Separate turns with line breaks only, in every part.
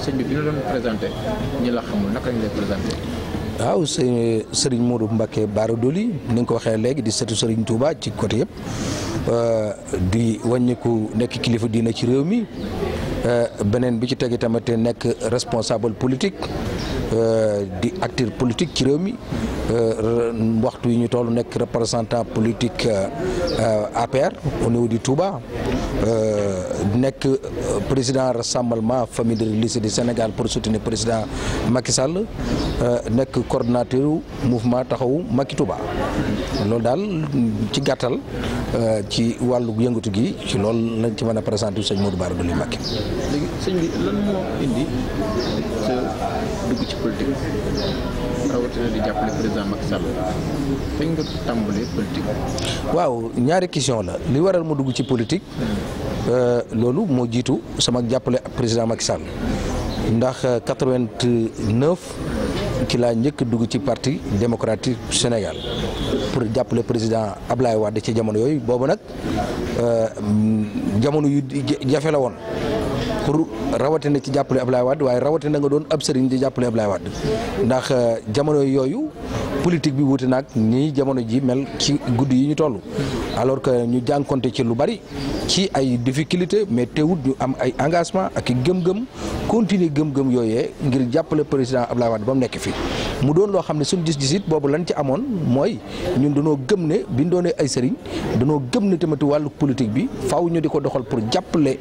sëñ bi bi ñu doon présenté ñi la xamul naka lañ lay présenté.
waaw sëñ Serigne Modou Mbacke Bara Doli ni nga ko waxee léegi di setu Serigne Touba ci côté yëpp euh, di wàññiku nekk kilifa diina ci réew mi. Euh, beneen bi ci tegi tamit nekk responsable politique euh, di acteur politique ci réew mi euh, waxtu yi ñu toll nekk représentant politique APR au niveau du Touba nekk président rassemblement famille de lycée du Sénégal pour soutenir président Macky Sall nekk coordinateur mouvement taxaw Macky Touba. loolu daal ci gàttal euh, ci wàllu yëngatu gi ci lool lañ ci mën a présenté sëñ Modou Bara Dolly Mbacké.
léegi sëñ bi lan moo indi sa dugg ci politique waaw
ñaari question la li waral ma dugg ci politique hmm. euh, loolu moo jiitu sama jàppale président Macky Sall ndax 89. Euh, ci laa njëkk dugg ci parti démocratique Sénégal pour jàppale président Ablaye Wade ci jamono yooyu boobu nag euh, jamono yu jafe woon pour rawatina ci jàppale Ablaye Wade waaye rawatina nga doon ab sëriñ di jàppale Ablaye Wade ndax euh, jamono yooyu politique bi wuute nag nii jamono ji mel ci guddi yi ñu toll alors que ñu jànkonte ci lu bari ci ay difficulté mais te teewut ñu am ay engagement ak i gëm-gëm continuer gëm-gëm yooyee ngir jàppale président Abdoulaye Wade ba mu nekk fii mu doon loo xam ne suñu gis-gis it boobu lan ci amoon mooy ñun dañoo gëm ne bi ñu ay sëriñ danoo gëm ne tamit wàllu politique bi faw ñu di ko doxal pour jàppale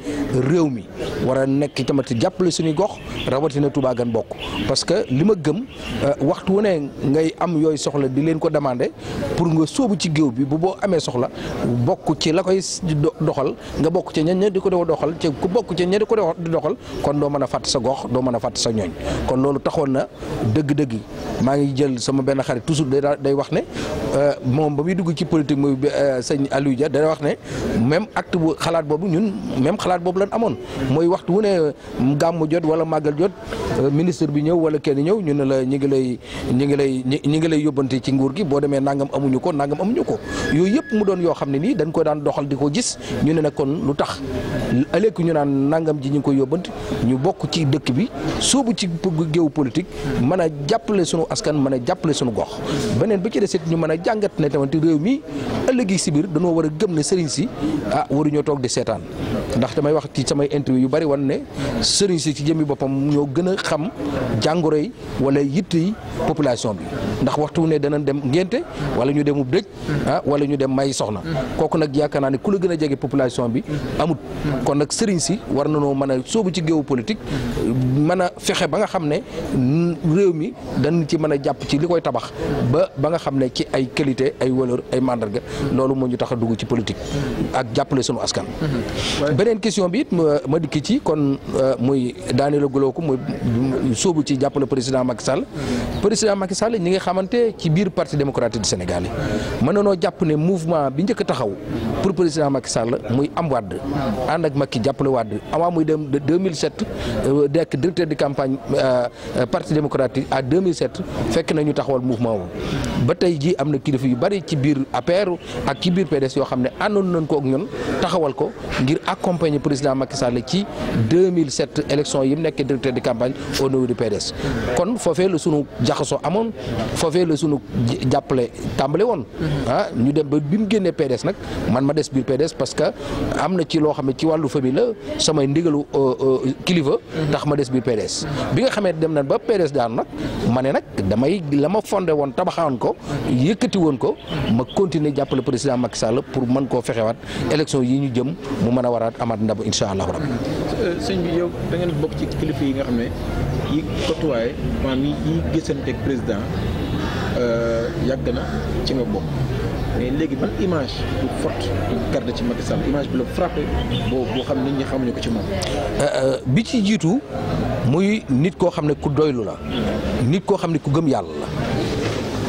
réew mi war nekk tamit jàppale suñuy gox rawatina Touba gan bokk parce que li ma gëm euh, waxtu wu ne ngay am yooyu soxla di leen ko demandé pour nga sóobu ci géew bi bu boo amee soxla bokk ci la koy doxal nga bokk ci ña ña di ko doxal ci ku bokk ci ña ko doxal kon mën a sa gox doo mën a fàtt sa ñooñ kon loolu taxoon na dëgg-dëgg maa ngi jël sama benn xarit toujours day wax ne euh, moom ba muy dugg ci politique muy euh, sëñ Aliou Dia day wax ne même acte bu xalaat boobu ñun même xalaat boobu lan amoon mooy waxtu wu ne euh, gàmmu jot wala màggal jot ministre bi ñëw wala kenn ñëw ñu ne la ñu ngi lay ñu ngi lay ñu ngi lay yóbbante ci nguur gi boo demee nangam amuñu ko nangam amuñu ko yooyu yëpp mu doon yoo xam ne nii dañ ko daan doxal di ko gis ñu ne nag kon lu tax ëllëg ñu naan nangam ji ñu koy yóbbante ñu bokk ci dëkk bi soobu ci géew politique mën a jàppale sunu askan mën a jàppale sunu gox beneen bi ci des ñu mën a jàngat ne tamit réew mi ëllëgi si biir danoo war a gëm ne sëriñ si ah waruñoo toog di seetaan ndax damay wax ci samay interview yu bari wan ne sëriñ si ci jëmmi boppam ñoo gën a xam jàngoro yi wala yitt population bi ndax waxtu ne dana dem ngénte wala ñu dem demub dëj ah wala ñu dem may soxna kooku nag yaakaar naa ne ku la gën a jege population bi amut kon nag sëriñ si war nanoo mën a soobu ci géew politique politique mën a fexe ba nga xam ne réew mi dañ ci mën a jàpp ci li koy tabax ba ba nga xam ne ci ay qualité ay valeur ay mandarga loolu moo ñu tax dugg ci politique ak jàppale sunu askan mm-hmm. beneen question bi it ma dikki ci kon euh, muy daani la guloo ko muy sóobu ci jàppale président Macky Sall président Macky Sall ñi nga xamante ci biir parti démocratique du Sénégal yi mën na noo jàpp ne mouvement bi njëkk taxaw pour président Macky Sall muy am Wade ànd ak Macky jàppale Wade avant muy Euh, nekk directeur de campagne euh, euh, parti démocratique à fekk na taxawal mouvement boobu ba tey ji am na kilifa yu bari ci biir APR ak ci biir PDS yoo xam ne àndoon nañ ko ak taxawal ko ngir accompagner président Macky Sall ci 2007 yi mu nekkee directeur de campagne au niveau du kon foofee la sunu jaxasoo amoon foofee la sunu jàppale tàmbale woon mm-hmm. ah, ñu dem bi mu génnee PDS nag man ma des biir PDS parce que am na ci loo xam ne ci wàllu famille la fa tax ma des biir PDS bi nga xamee dem na ba PDS daan nag ma ne nag damay la ma fonde woon tabaxaan ko yëkkati woon ko ma continuer jàppale président Macky Sall pour man koo fexewaat élection yi ñu jëm mu mën a waraat amaat ndam incha allahu
rabbi euh, sëñ bi yow da bokk ci kilifa yi nga xam ne yi kotuwaay maanaam yi gisante ak président euh, yàgg na ci nga bokk mais léegi ban image bu forte garde ci Macky Sall image bi la frappé boo boo xam nit ñi xamuñu ko ci moom. Euh,
euh, bi ci jiitu muy nit koo xam ne ku doylu la. nit koo xam ne ku gëm yàlla la.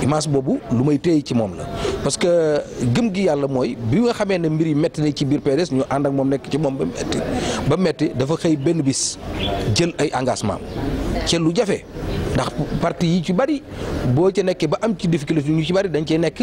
image boobu lu may téye ci moom la. parce que gëm gi yàlla mooy bi nga xamee ne mbir yi métti na ci biir PDS ñu ànd ak moom nekk ci moom ba metti ba metti dafa xëy benn bis jël ay engagement ca lu jafe. ndax parti yi ci bari boo ca nekkee ba am ci difficulté ñu ci bari dañ cee nekk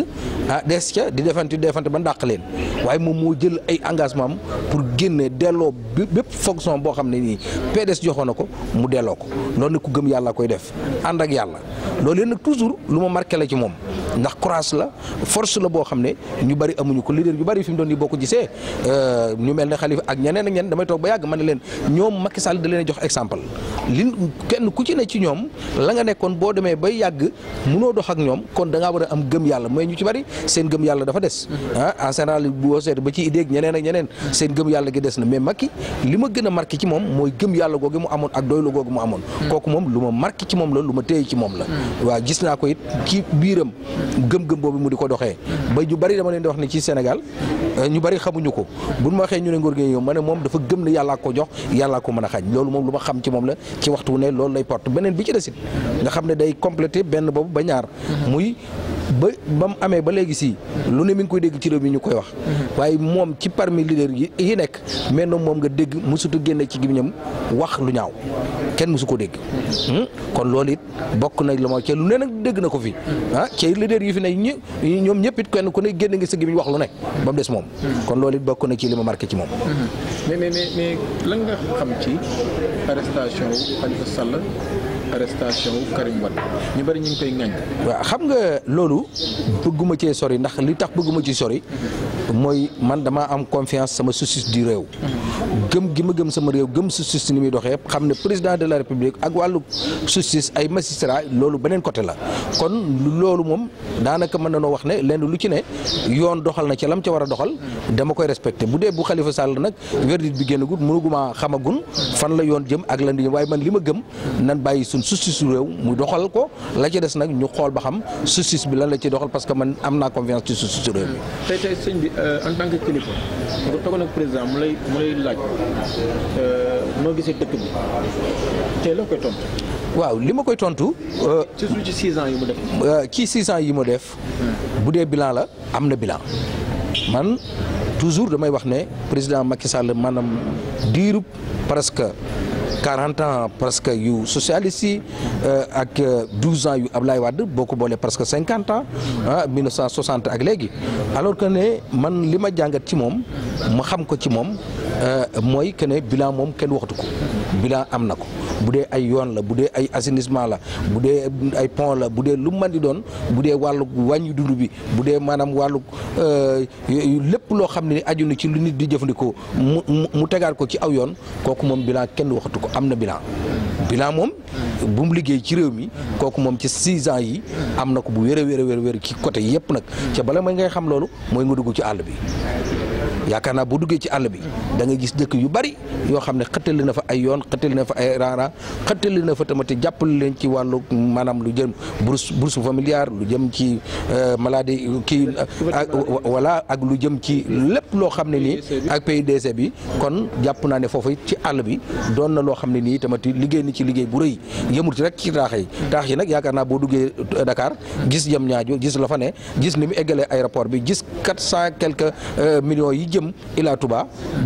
ah des ca di defante defante ba ndàq leen waaye moom moo jël ay engagement am pour génne delloo bépp fonction boo xam ne nii PDS joxoon na ko mu delloo ko loolu nag ku gëm yàlla koy def ànd ak yàlla loolu yëpp nag toujours lu ma marqué la ci moom ndax courage la force la boo xam ne ñu bari amuñu ko leader yu bari fi mu doon nii boo ko gisee euh, ñu mel ne Khalifa ak ñeneen ak ñeneen damay toog ba yàgg ma ne leen ñoom Macky Sall da leen jox exemple li kenn ku ci ne ci ñoom la nga nekkoon boo demee bay yàgg munoo dox ak ñoom kon da war a am gëm yàlla mooy ñu ci bari seen gëm yàlla dafa des mm-hmm. ah en général boo seet ba ci idée ak ñeneen ak ñeneen seen gëm yàlla gi des na mais Macky li ma gën a marqué ci moom mooy gëm yàlla googu mu amoon ak doylu googu mu amoon mm-hmm. kooku moom lu ma marqué ci moom la lu ma téye ci moom la mm-hmm. waaw gis naa ko it ci biiram gëm-gëm boobu mu di ko doxee ba ñu bari dama leen di wax ne ci Sénégal eh, ñu bari xamuñu ko bu ma waxee ñu ne ngóor gi yow ma ne moom dafa gëm ne yàllaa ko jox yàllaa ko mën a xañ loolu moom lu ma xam ci moom la ci ne loolu lay porte beneen bi ci desit nga xam ne day complété benn boobu ba ñaar muy ba ba mu amee ba léegi si lu ne mi ngi koy dégg ci réew mi ñu koy wax waaye moom ci parmi leader yi yi nekk mel na moom nga dégg musutu génne ci gémmiñam wax lu ñaaw kenn musu ko dégg kon loolu it bokk na lu ma ci lu na ko fi ah ci leader yi fi ne ñi ñoom ñëpp kenn ku ne génn ngi sa gémmiñ wax lu ne ba mu des moom kon loolu it bokk na ci li ma ci moom
mais mais mais la nga xam ci arrestation Khalifa Sall arrestation Karim Wade ñu bari ñu
ngi koy ŋañ. waaw xam nga loolu bëgguma cee sori ndax li tax bëgguma ci sori mooy man damaa am confiance sama justice di réew. gëm gi ma gëm sama réew gëm justice ni muy doxee xam ne président de la république ak wàllu justice ay magistrat loolu beneen côté la kon loolu moom daanaka man na noo wax ne lenn lu ci ne yoon doxal na ca lam ca war a doxal dama koy respecté bu dee bu Khalifa Sall nag verdict bi génnagut mënuguma suñ réew mu doxal ko la ci des nag ñu xool ba xam justice bi lan la ci doxal parce que man am naa confiance ci justice su réew
tey tey sëñ bi euh, en tant que président mu lay mu laaj euh, noo gisee dëkk la
waaw li ma koy tontu. Euh, surtout ci six ans yi mu def. ci six ans yi mu def. Hmm. bu dee bilan la am na bilan man. toujours damay wax ne président Macky Sall maanaam diirub presque 40 ans presque yu socialiste yi euh, ak 12 euh, ans yu Ablaye Wade boo ko boolee presque 50 ans ah 1960 ak léegi alors que ne man li ma jàngat ci moom ma xam ko ci moom euh, mooy que ne bilan moom kenn waxtu ko bilan am na ko. bu dee ay yoon la bu dee ay assainissement la bu dee ay pont la bu dee lu mën di doon bu dee wàllu wàññi dund bi bu dee maanaam wàllu euh, lépp loo xam ne aju na ci lu nit di jëfandikoo mu mu tegaat ko ci aw yoon kooku moom bilan kenn waxatu ko am na bilan bilan moom bu mu liggéey ci réew mi kooku moom ci six ans yi am na ko bu wér a wér wér ci côté yëpp nag ca bala may ngay xam loolu mooy nga dugg ci àll bi yaakaar naa boo duggee ci àll bi dangay gis dëkk yu bari yoo xam ne xëttali na fa ay yoon xëttali na fa ay raara xëttali na fa tamit jàppale leen ci wàllu maanaam lu jëm bourse bourse familiale lu jëm ci euh, maladie kii voilà ak lu jëm ci lépp loo xam ne nii ak PUDC bi kon jàpp naa ne foofu ci àll bi doon na loo xam ne nii tamit liggéey ni ci liggéey bu rëy yëmul ci rek ci taax yi taax yi nag yaakaar naa boo duggee euh, Dakar gis jëm ñaajo gis la fa ne gis ni mu eggalee aéroport bi gis quatre cent quelques euh, millions jëm Ila Touba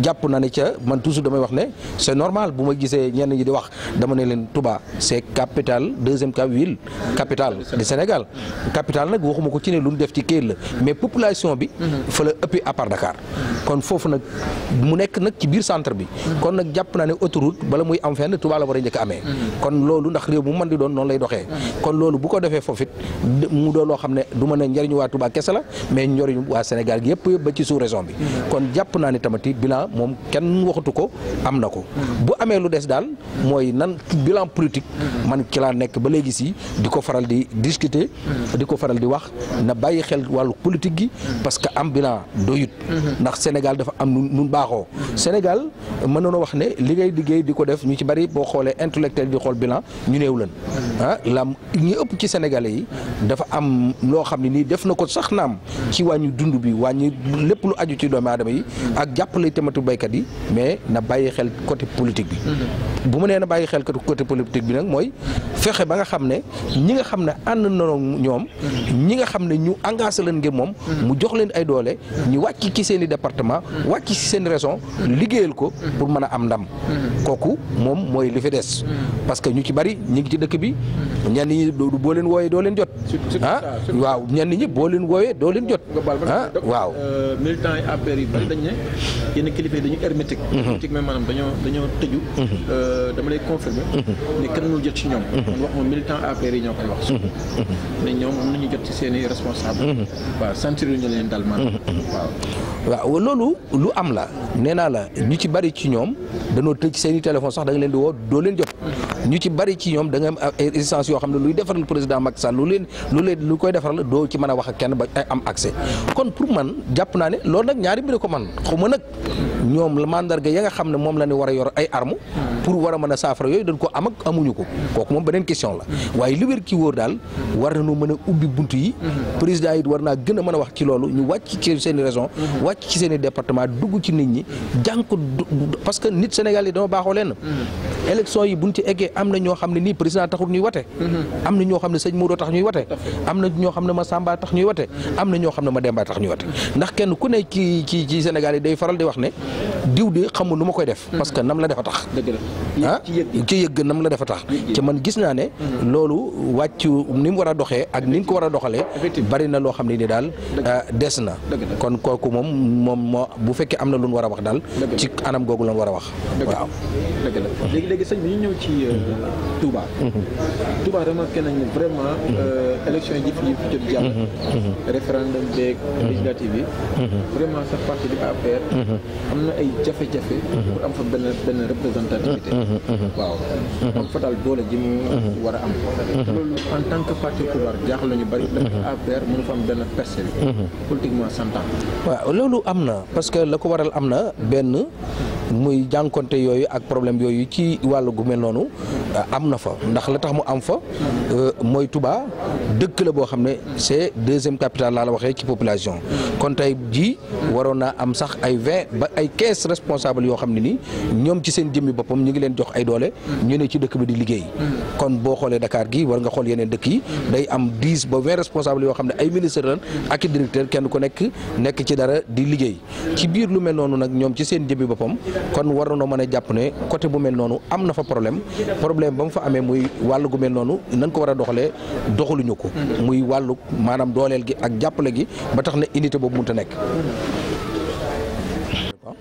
jàpp na ne ca man toujours damay wax ne c'est normal bu ma gisee ñenn ñi di wax dama ne leen Touba c'est capitale deuxième cap ville capitale du Sénégal capitale nag waxuma ko ci ne lu ñu def ci kayit la mais population bi fa la ëppee à kon foofu nag mu nekk nag ci biir centre bi kon nag jàpp naa ne autoroute bala muy am fenn Touba la war a njëkk amee kon loolu ndax réew mu mën di doon noonu lay doxee kon loolu bu ko defee foofu mu doon loo xam ne du ma ne njëriñu waa Touba kese la mais njëriñu waa Sénégal gi yëpp kon jàpp naa ne tamati bilan moom kenn waxatu ko am na ko bu amee lu des daal mooy nan bilan politique man ki laa nekk ba léegi si di ko faral di discuter di ko faral di wax na bàyyi xel wàllu politique gi parce que am bilan doyut ndax Sénégal dafa am nun baaxoo Sénégal mën nañoo wax ne li liggéey di ko def ñu ci bari boo xoolee intellectuel di xool bilan ñu néew lan ah ñi ëpp ci Sénégalais yi dafa am loo xam ne nii def na ko sax naam ci wàññi dund bi wàññi lépp lu aju ci doomu yi ak jàppale tamatu béykat yi mais na bàyyi xel côté politique bi bu mu nee na bàyyi xel côté politique bi nag mooy fexe ba nga xam ne ñi nga xam ne ànd nanoo ñoom ñi nga xam ne ñu engagé leen ngir moom mu jox leen ay doole ñu wàcc ci seen i département wàcc ci seen région liggéeyal ko pour mën a am ndam kooku moom mooy li fi des parce que ñu ci bari ñi ngi ci dëkk bi ñenn ñi boo leen wooyee doo leen jot ah waaw ñenn ñi boo leen wooyee doo leen
bari dañ ne yenn kilifa yi dañu hermétique. Mhm. hermétique même maanaam dañoo dañoo tëju. Mhm. Euh, dama lay confirmer. Mhm. ni kenn mënul jot ci ñoom. moom nañu jot ci seen i responsable. waaw sentir ñu leen daal maanaam.
waaw waaw loolu lu am la nee naa la ñu ci bari ci ñoom danoo tëj seen i téléphone sax da nga leen di woo doo leen jot. ñu ci bari ci ñoom da nga am a wax ak kenn ba am accès ya nga xam ne moom la war a yor ay armes pour war a mën a saafara yooyu ko am ak ko kooku moom beneen question la waaye li wér ki wóor daal war nañoo mën yi président yi war naa gën a a wax ci loolu ñu wàcc ci seen i région wàcc ci seen i département dugg ci nit ñi jànku parce que nit Sénégal yi dama baaxoo leen élection yi buñ eggee am na ñoo xam ne nii président taxul ñuy wate mhm. am na ñoo xam ne sëñ Modou tax ñuy wate am na ñoo xam ne ma Samba tax ñuy wate am na ñoo xam ne ma Demba tax ñuy wate ndax kenn ku ne ci ci ci Sénégal yi day faral di wax ne diw de xamul nu ma koy def. parce que nam la dafa tax. dëgg la ah? ci yëgg nam la def a tax. ci man gis naa ne. Mm-hmm. loolu wàccu ni mu war a doxee ak ni ñu ko war a doxalee. bari na loo xam ne ni daal ah, des na. kon kooku moom moom moo bu fekkee am na lu ñu war a wax daal. ci anam googu la ñu war a wax. waaw
dëgg la mm-hmm. léegi léegi sëñ bi ñu ñëw ci euh, mm-hmm. Touba. Touba remarqué nañ ne vraiment. Euh, élection yi fi fi jot bi jafe-jafe. pour am fa benn benn représentativité. Mm-hmm, mm-hmm, mm-hmm. waaw donc fa daal doole ji mu war a am. loolu en tant que parti pouvoir jaaxal nañu bari. dafa APR fa am benn percée. politiquement santaan. waaw loolu
am na parce que la ko waral am na benn. muy jànkonte yooyu ak problème yooyu ci wàllu gu mel noonu euh, am na fa ndax la tax mu am fa euh, mooy Touba dëkk la boo xam ne c'est deuxième capitale laa la waxee ci population kon tey ji waroon naa am sax ay vingt ba ay quinze responsables yoo xam ne nii ñoom ci seen jëmmi boppam ñu ngi leen jox ay doole ñu ne ci dëkk bi di liggéey kon boo xoolee Dakar gi war nga xool yeneen dëkk yi day am ba vingt responsables yoo xam ne ay ministres lan ak kenn ku nekk nekk ci dara di liggéey ci biir lu mel noonu nag ñoom ci seen jëmmi boppam kon war na noo mën a jàpp ne côté bu mel noonu am na fa problème problème ba mu fa amee muy wàll gu mel noonu nan ko war a doxalee doxaluñu ko muy wàllu maanaam dooleel gi ak jàppale gi ba tax na unité boobu mënut a nekk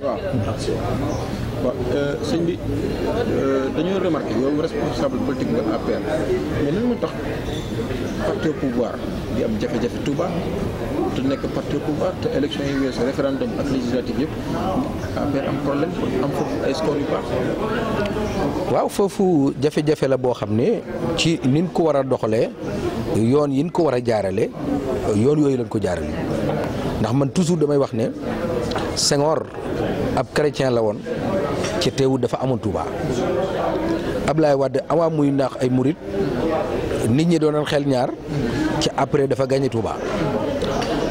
waaw waaw euh, sëñ bi euh, dañoo remarqué yow responsable politique ba APR mais lan moo tax parti au pouvoir am jafe-jafe Touba te nekk parti au pouvoir te élection yi weesu référendum ak législative yëpp APR am problème
foofu ay jafe-jafe la boo xam ne ci nin ko war a doxalee yoon yin ko war a jaarale yoon yooyu lañ ko jaarale ndax man toujours damay wax ne Senghor ab chrétien la woon. ci teewut dafa amoon Touba Ablaye Wade avant muy naax ay murit nit ñi doon xel ñaar ci après dafa gagné tubaa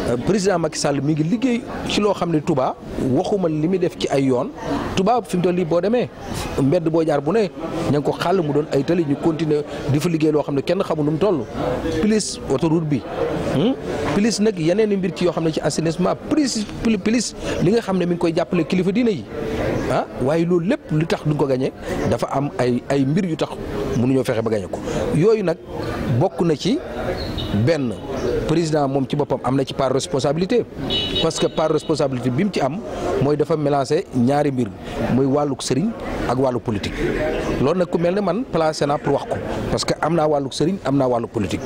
euh, président Macky Sall mi ngi liggéey ci loo xam ne Touba waxuma li muy def ci ay yoon Touba fi mu toll nii boo demee mbedd boo jaar bu ne ña ngi ko xàll mu doon ay tali ñu continuer di fa liggéey loo xam ne kenn xamul nu mu toll plus autoroute bi hmm? plus nag yeneen i mbir ci yoo xam ne ci assainissement plus plus li nga xam ne mi ngi koy jàppale kilifa diine yi ah waaye loolu lépp lu tax duñ ko gañe dafa am ay ay mbir yu tax ñëw fexe ba gañe ko yooyu nag bokk na ci benn président moom ci boppam am na ci part responsabilité parce que part responsabilité bi mu ci am mooy dafa mélangé ñaari mbir mooy wàlluk sëriñ ak wàllu politique loolu nag ku mel ne man placé naa pour wax ko parce que am naa wàlluk sëriñ am na wàllu politique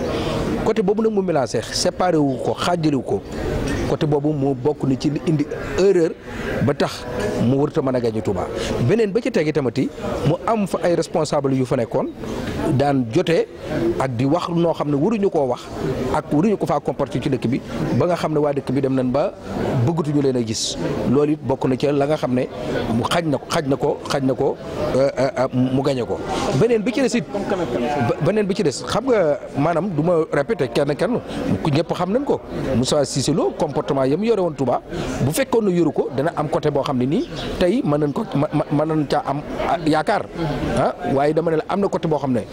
côté boobu nag mu mélangé séparé wu ko xaajale wu ko côté boobu mu bokk ni ci li indi erreur ba tax mu wërta mën a gañu Touba beneen ba ci tegi tamati mu am fa ay responsable yu fa nekkoon daan jotee ak di wax noo xam ne waruñu koo wax ak waruñu ko faa comporter ci dëkk bi ba nga xam ne waa dëkk bi dem nañ ba bëggatuñu leen a gis loolu it bokk na ci la nga xam ne mu xaj na ko xaj na ko xaj na ko euh, euh, euh, mu gañe ko beneen bi ci des bi ci des xam nga maanaam duma ma kenn kenn ku ñëpp xam nañ ko Moussa Cissé Lo comme comportement yam yore woon Touba bu fekkoon ne yoru ko dana am côté boo xam ne nii tey mën nañ ko mën nañ caa am ah, yaakaar ah waaye dama ne la am na côté boo xam ne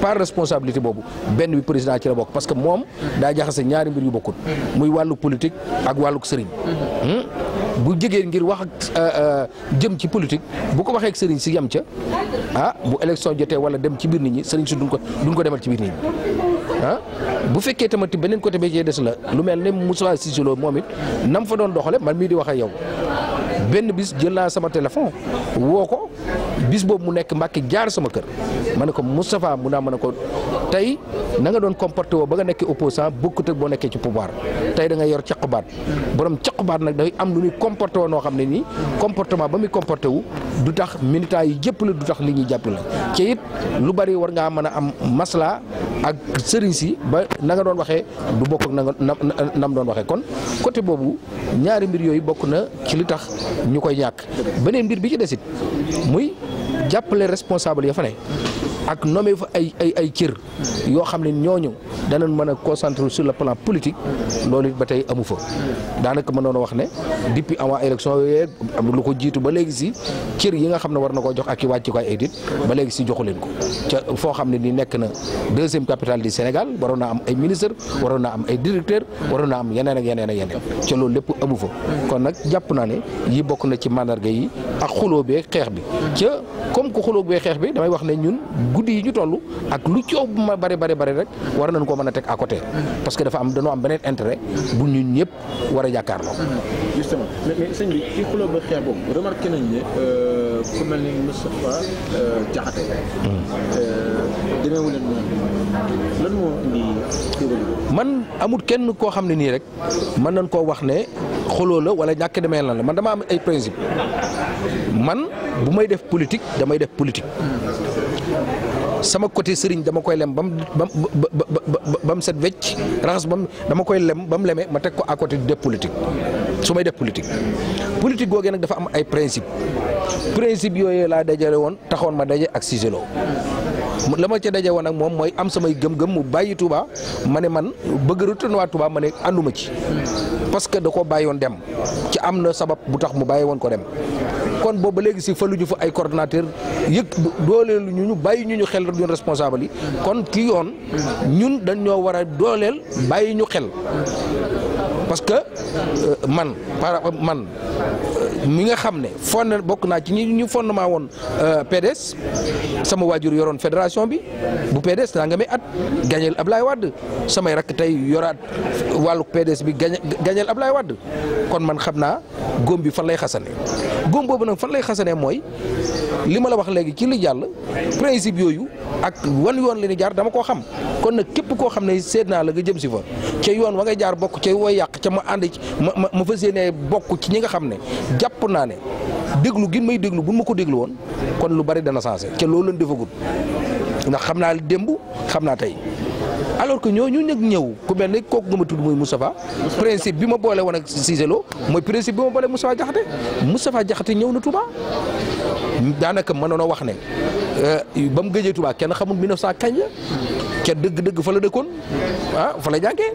par responsabilité boobu benn wi président ci la bokk parce que moom daa jaxase ñaari mbir yu bokkul muy wàllu politique ak wàllu sëriñ hmm? bu jegee ngir wax ak euh, euh, jëm ci politique bu ko waxee ak sëriñ si yam ca ah, bu élection jotee wala dem ci biir nit ñi sëriñ si duñ ko demal ci biir nit ah bu fekkee tamit beneen côté bi cee des la lu mel ne Moussa Cissé Lo moom it nam fa doon doxale man mii di wax ak yow benn bis jël naa sama téléphone woo ko bis boobu mu nekk Mbàkke jaar sama kër ma ne ko Moustapha mu naa ma ne ko tey na nga doon comporté woo ba nga nekkee opposant bokkut ak boo nekkee ci pouvoir tey da nga yor caqbaat borom caqbaat nag day am lu muy comporté noo xam ne nii comportement ba muy comporté wu du tax militants yi jëpp la du tax nit ñi jàpp la ci it lu bari war ngaa mën a am masla ak sëriñ si ba na nga doon waxee du bokk ak na nga nam doon waxee kon côté boobu ñaari mbir yooyu bokk na ci li tax ñu koy ñàkk beneen mbir bi ci desit muy jàppale responsable ya fa ak nommé fa ay ay ay cër yoo xam ne ñooñu danañ mën a concentre sur le plan politique loolu it ba tey amu fa daanaka mënoon a wax ne depuis avant élection yooyu lu ko jiitu ba léegi si cër yi nga xam ne war na koo jox ak i wàcc ko léegi si joxu leen ko ca foo xam ne ni nekk na deuxième capital du Sénégal waroon naa am ay ministre waroon naa am ay directeur waroon naa am yeneen ak yeneen ak yeneen ca loolu lépp amu fa kon nag jàpp naa ne yi bokk na ci mandarga yi ak xuloo bee xeex bi ca comme que xuloo bee xeex bi damay wax ne ñun guddi yi ñu toll ak lu coow bu ma bari bari bari rek war nañ koo mën a teg à côté parce que dafa am dañoo am beneen intérêt bu ñun ñëpp war a jàkkaarloo.
justement mais euh, euh, euh,
man amut kenn koo xam ne nii rek mën nañ koo wax ne xuloo la wala ñàkk demee la man dama am ay principe man bu may def politique damay def politique. sama côté sëriñ dama koy lem ba mu ba ba mu set wecc raxas ba mu dama koy lem ba mu lemee ma teg ko à côté def politique su may def politique. politique googee nag dafa am ay principe principe yooyu laa dajale woon taxoon ma daje ak Cissé Lo la ma ca daje woon ak moom mooy am samay gëm-gëm mu bàyyi Touba ma ne man bëgg retourné waa Touba ma ne ànduma ci parce que da koo bàyyi woon dem ci am na sabab bu tax mu bàyyi woon ko dem kon booba léegi si fa lu faluñu fa ay coordonnateur yëg dooleelu ñu ñu bàyyi ñu ñu xel ñun responsable yi kon ci yoon ñun dañ ñoo war a dooleel bàyyi ñu xel parce que euh, man par man mi nga xam ne fond bokk naa ci ñi ñu fondement woon euh, PDS sama waajur yoroon fédération bi bu PDS daa nga may at gañeel Ablaye Wade samay rakk tey yoraat wàllu PDS bi gañ gañeel Ablaye Wade kon man xam naa góom bi fan lay xasane góom boobu nag fan lay xasane mooy li ma la wax léegi ci li jàll principe yooyu ak wan yoon li ñu jaar dama koo xam kon nag képp koo xam ne seet naa la nga jëm si fa ca yoon wa ngay jaar bokk ca wooy yàq ca ma ànd ci ma ma ma fas yéenee bokk ci ñi nga xam ne jàpp naa ne déglu gin may déglu bu ma ko déglu woon kon lu bari dana sensé ca loolu lañ defagul ndax xam naa démb xam naa tey alors que ñooñu nag ñëw ku mel ne kooku nga ma tudd muy Moustapha principe bi ma boole woon ak Cissé Lo mooy principe bi ma boole Moustapha Diakhaté Moustapha Diakhaté ñëw na Touba daanaka mënoon a wax ne Euh, ba mu gëjee Touba kenn xamul 1900 saa la kenn dëgg-dëgg fa la dëkkoon ah fa la jàngee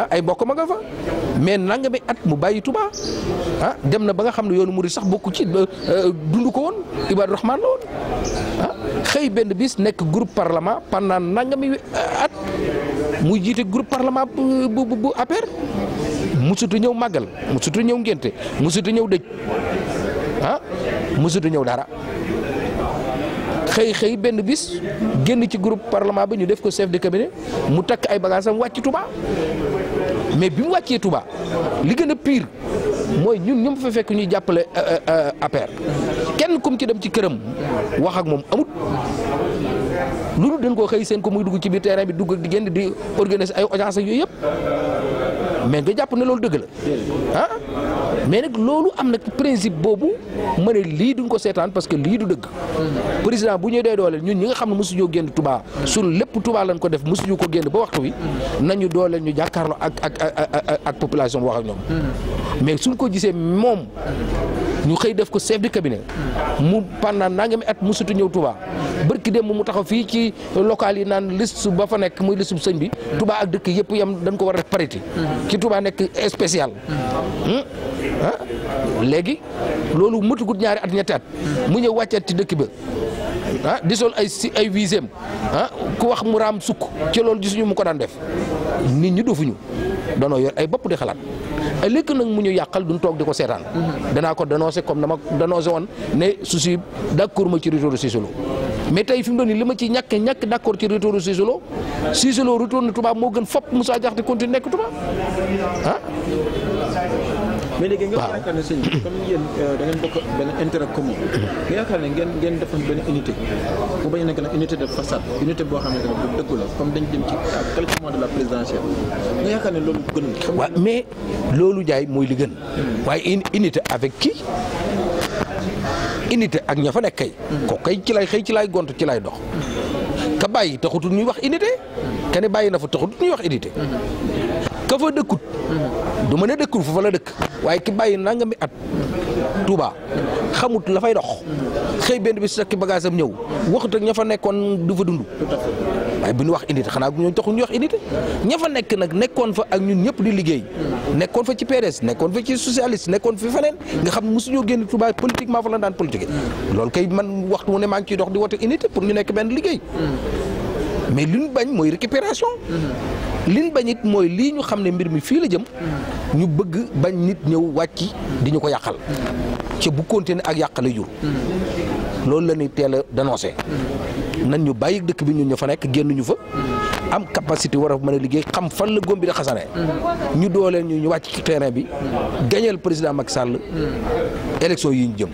ah, ay mbokk ma nga fa mais nangami at mu bàyyi Touba ah, dem na ba nga xam ne yoonu murid sax bokku ci euh, dund ko woon Ibadu Rahman la woon ah, xëy benn bis nekk groupe parlement pendant nangami euh, at muy jiite groupe parlement bu bu bu APR musutu ñëw màggal musutu ñëw ngénte musutu ñëw dëj ah musutu ñëw dara. xëy xëy benn bis génn ci groupe parlement bi ñu def ko chef de cabinet mu takk ay bagages am wàcc Touba mais bi mu wàccee Touba li gën a pire mooy ñun ñoom fa fekk ñuy jàppale euh, euh, euh, APR kenn kum ci dem ci këram wax ak moom amut loolu dañ koo xëy seen ko muy dugg ci biir terrain bi dugg di génn di organiser ay audience yooyu yëpp mais nga jàpp ne loolu dëgg la ah. mais nag loolu am nag principe boobu ma ne lii duñ ko seetaan parce que lii du dëgg président bu ñu dee dooleel ñun ñi nga xam ne mosuñoo génn tubaa su lépp Touba lañ ko def mosuñu ko génn ba waxtu wi nañu dooleel ñu jàkkaarloo ak ak ak population wax ak ñoom mais suñ ko gisee moom ñu xëy def ko chef de cabinet mu pendant nangami at musutu ñëw Touba bërki dem mu taxaw fii ci local yi naan liste ba fa nekk muy liste bu sëñ bi tubaa ak dëkk yëpp yam dañ ko war a def parité tubaa Touba nekk spécial hmm? léegi loolu matugut ñaari at ñetti at mu ñëw wàccaat ci dëkk ba ah di sol ay si ay visem ah ku wax mu raam sukk ci loolu gisuñu mu ko daan def nit ñi dofuñu danoo yor ay bopp di xalaat ay lékk nag mu ñu yàqal duñ toog di ko seetaan danaa ko dénoncé comme dama dénoncé woon ne su si d'accord ma ci retour Cissé Lo mais tey fi mu doon nii li ma ci ñàkk ñàkk d'accord ci retour Cissé Lo Cissé Lo retourné Touba moo gën fopp Moussa Diakhaté continué nekk Touba
ah mais léegi nga yaakaar ne sëñ bi comme yéen euh, da ngeen bokk benn intérêt commun nga yaakaar ne ngeen ngeen defoon benn unité bu bañ a nekk nag unité de façade unité boo xam ne bu dëggu la comme dañ dem ci quelques mois de la présidentielle nga yaakaar ne loolu gën waaw mais loolu jaay mooy li gën hmm. waaye
unité avec qui unité ak ña fa nekk kay hmm. ko kay ci lay xëy ci lay gont ci lay dox hmm. ka bàyyi taxutul ñuy wax unité kene bàyyi na fa taxutul ñuy wax unité ka fa dëkkut du ma ne dëkkul fa la dëkk waaye ki bàyyi mi at Touba xamut la fay dox xëy benn bi sakki bagage am ñëw waxut ak ña fa nekkoon du fa dund waaye bu ñu wax unité xanaa ñooñu taxul ñu wax unité ña fa nekk nag nekkoon fa ak ñun ñëpp di liggéey nekkoon fa ci PDS nekkoon fa ci socialiste nekkoon fi feneen nga xam ne mosuñoo génn Touba politiquement fa la daan politique loolu kay man waxtu mu ne maa ngi ciy dox di wote unité pour ñu nekk benn liggéey mais li ñu bañ mooy récupération liñ bañ it mooy lii ñu xam ne mbir mi fii la jëm ñu bëgg bañ nit ñëw wàcc di ñu ko yàqal ca bu continuer ak yàq lay jur loolu la ñuy teel a dénoncé nan ñu bàyyi dëkk bi ñun ñu fa nekk génn ñu fa am capacité war a mën liggéey xam fan la góom bi da xasaree ñu dooleel ñu ñu wàcc ci terrain bi gañeel président Macky Sall élection yi ñu jëm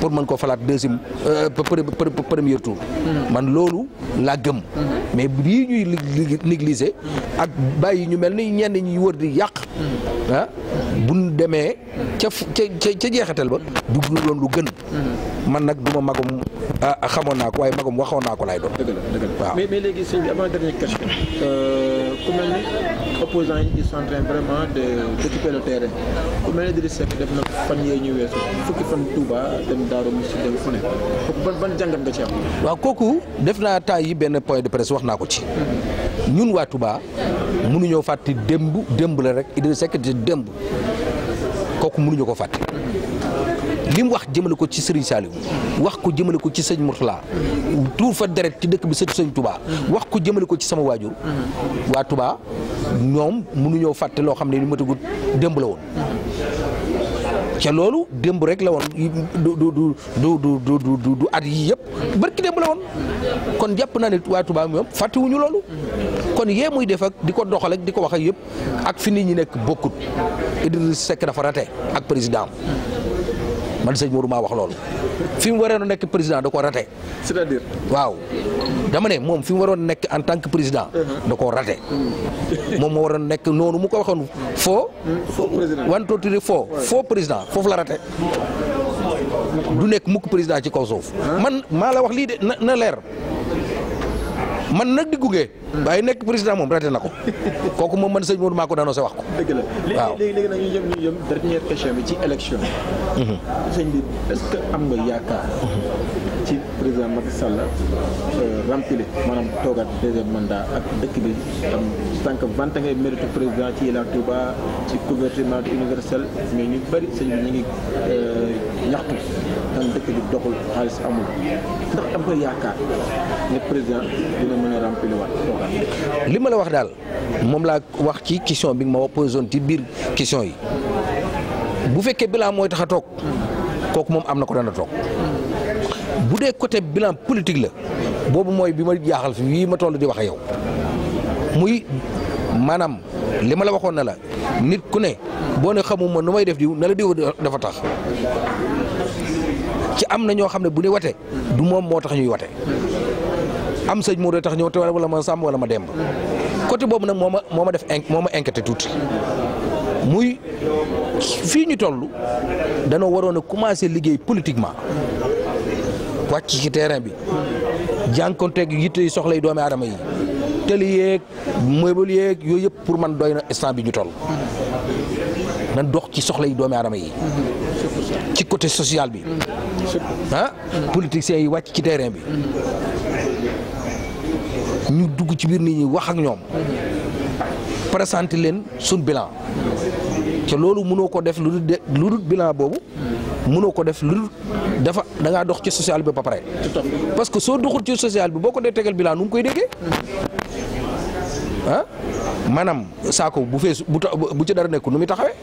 pour man ko falaat deuxième euh, premier tour man loolu laa gëm mais bii ñuy négliger ak bàyyi ñu mel ni ñeen ñi wër di yàq ah buñ demee ca ca ca jeexatal ba du doon lu gën man nag duma magum ah xamoon naa ko waaye magam waxoon naa ko laay doon. dëgg la dëgg la waaw
mais léegi sëñ bi avant question. Euh, ku mel ni opposants yi ils sont vraiment de d'occuper le terrain ku mel ni Idrissa Seck def na fan yee ñu weesu fukki fan Touba dem Darou Mousty dem fu ne ban ban jàngat nga ci am.
waaw kooku def naa temps yi benn point de presse wax naa ko ci. ñun waa Touba mënuñoo fàtte démb démb la rek Idrissa Seck di démb kooku mënuñu ko fàtte. li wax jëmale ko ci Serigne Saliou wax ko jëmale ko ci sëñ Mourtala tuur fa deret ci dëkk bi sëtu sëñ Touba wax ko jëmale ko ci sama waajur waa Touba ñoom mënuñoo fàtte loo xam ne li matagut démb la woon ca loolu démb rek la woon du du du du du du at yii yëpp barki démb la woon kon jàpp naa ne waa tubaa moom fàttewuñu loolu kon yee muy def ak di ko doxal ak di ko wax ak yëpp ak fi nit ñi nekk bokkut Idriss Seck dafa rate ak président man sëñ Modou maa wax loolu fi mu waree a nekk président da ko rate waaw dama ne moom fi mu waroon nekk en tant président. Uh-huh. da koo rate moom moo waroon nekk noonu mu ko waxoon foo. foo président foo. foo président foofu la rate du nekk mukk président ci kaw suuf. man maa la wax lii de na na leer. man nag di gunge. waaye nekk président moom raté na ko
kooku moom man sëñ Modou maa ko daanoo sa wax ko. dëgg la léegi léegi nag ñu jëm ñu jëm dernière question bi ci élection. Mhm. sëñ bi est-ce que am nga yaakaar. Mhm. président Macky Sall euh, rempli maanaam toogaat deuxième mandat ak dëkk bi am tant banta vante ngay mérite président ci Ila Touba ci couverture maladie universelle mais ñu bëri sëñ bi ñu ngi ñaxtu euh, tan dëkk bi doxul xaalis amul ndax am nga yaakaar ne président dina mën a rempli waat toogaat.
li ma la wax daal moom laa wax ci question bi nga ma posé woon ci biir question yi bu fekkee bilan mooy tax a toog kooku moom am na ko dana toog. bu dee côté bilan politique la boobu mooy bi ma jaaxal fi yii ma toll di waxee yow muy maanaam li ma la waxoon na la nit ku ne boo ne xamuma nu may def diw na la diw dafa tax ci am na ñoo xam ne bu ñu wate du moom moo tax ñuy wate am sëñ moo tax ñëw te wala ma sàmm wala ma demb côté boobu nag moo ma moo ma def moo ma inquiété tuuti muy fii ñu toll danoo waroon a commencé liggéey politiquement wàcc ci terrain bi jànkonteeg yitte yi soxla yi doomi aadama yi tëli yeeg meuble yeeg yooyu yëpp pour man doy na instant bi ñu toll nan dox ci soxla yi doomi aadama yi ci côté sociale bi ah politiciens yi wàcc ci terrain bi ñu dugg ci biir nit ñi wax ak ñoom présenter leen suñ bilan te loolu mënoo ko def lu dul bilan boobu mënoo ko def lu dul dafa dangaa dox ci social bi ba pare. parce que soo doxul ci social bi boo ko dee tegal bilan nu mu koy déggee. ah maanaam saako bu fees bu bu ci dara nekkul nu muy taxawee.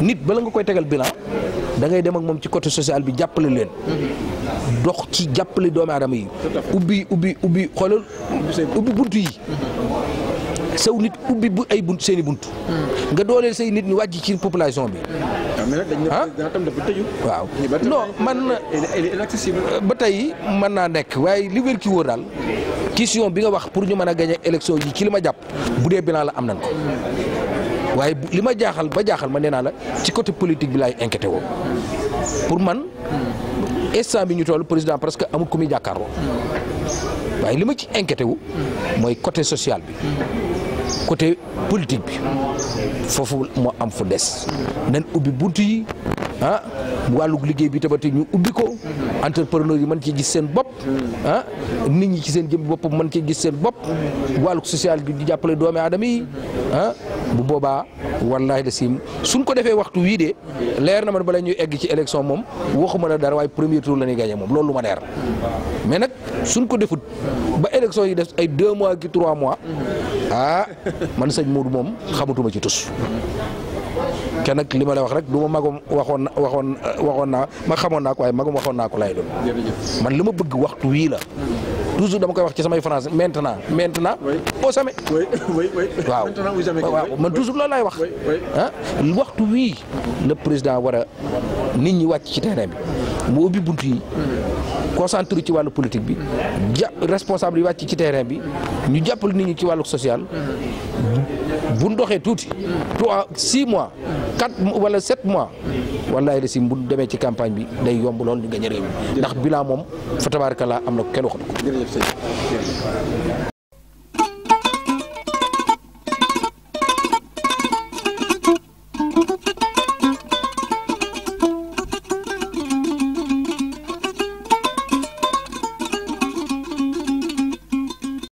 nit bala nga koy tegal bilan da ngay dem ak moom ci côté social bi jàppale leen. dox ci jàppale doomu aadama yi. ubbi ubbi xoolal ubbi buntu yi. sew nit ubbi bu ay bunt seeni bunt. nga dooleel say nit ñi wàcc ci population bi. Ah? waaw non man ba tey mën naa nekk waaye li wér ki wóor daal question bi nga wax pour ñu mën a gañee élection yi ci li ma jàpp bu dee naa la am nañ ko waaye li ma jaaxal ba jaaxal ma nee naa la ci côté politique bi laay inquiété woo pour man instant bi ñu toll président parce que amul ku muy jàkkaarloo waaye li ma ci inquiété wu mooy côté sociale bi côté politique bi foofu moo am fu des nan ubbi bunt yi ah wàllu liggéey bi tamit ñu ubbi ko entrepreneur yi mën ci gis seen bopp ah nit ñi ci seen jëm bopp mën ci gis seen bopp wàllu social gi di jàppale doomi aadama ah, bu boobaa wallaahi la sim suñ ko defee waxtu wii de leer na man bala ñuy egg ci élection moom waxuma la dara waaye premier tour la ne gagné moom loolu ma leer mais nag suñ ko defut ba élection yi def ay deux mois ki trois mois ah man sëñ Modou moom xamatuma ci tus te nag li ma lay wax rek du ma magam waxoon waxoon waxoon naa ma xamoon naa ko waaye magam waxoon naa ko laay doon man li ma bëgg waxtu wii la toujours dama koy wax ci samay français maintenant maintenant. au sommet. waaw waaw man toujours loolu laay wax. ah waxtu wii le président war a nit ñi wàcc ci terrain bi mu ubbi bunt yi. concentré ci wàllu politique bi. ja responsable yi wàcc ci terrain bi. ñu jàppale nit ñi ci wàllu social. bu ndoxee tuuti a six mois quatre wala sept mois wallahi de si bu demee ci campagne bi day yomb lool ñu gañ a ndax bilan moom fa tabaarkalla am na kenn waxatu ko